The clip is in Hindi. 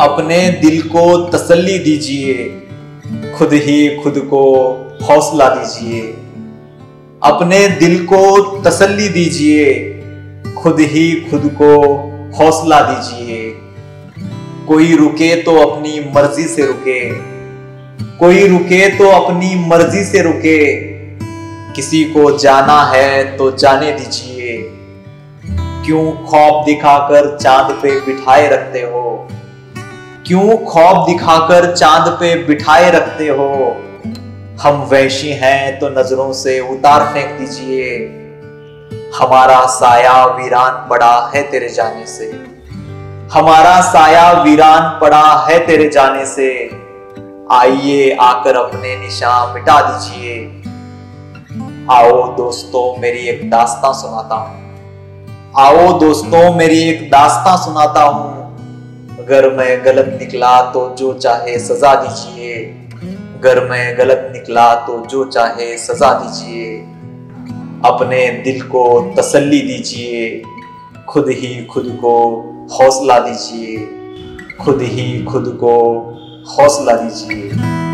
अपने दिल को तसल्ली दीजिए खुद ही खुद को हौसला दीजिए अपने दिल को तसल्ली दीजिए खुद ही खुद को हौसला दीजिए कोई रुके तो अपनी मर्जी से रुके कोई रुके तो अपनी मर्जी से रुके किसी को जाना है तो जाने दीजिए क्यों खौफ दिखाकर चांद पे बिठाए रखते हो क्यों खौफ दिखाकर चांद पे बिठाए रखते हो हम वैशी हैं तो नजरों से उतार फेंक दीजिए हमारा साया वीरान पड़ा है तेरे जाने से हमारा साया वीरान पड़ा है तेरे जाने से आइए आकर अपने निशान मिटा दीजिए आओ दोस्तों मेरी एक दास्तां सुनाता हूं आओ दोस्तों मेरी एक दास्तां सुनाता हूं अगर मैं गलत निकला तो जो चाहे सजा दीजिए अगर मैं गलत निकला तो जो चाहे सजा दीजिए अपने दिल को तसल्ली दीजिए खुद ही खुद को हौसला दीजिए खुद ही खुद को हौसला दीजिए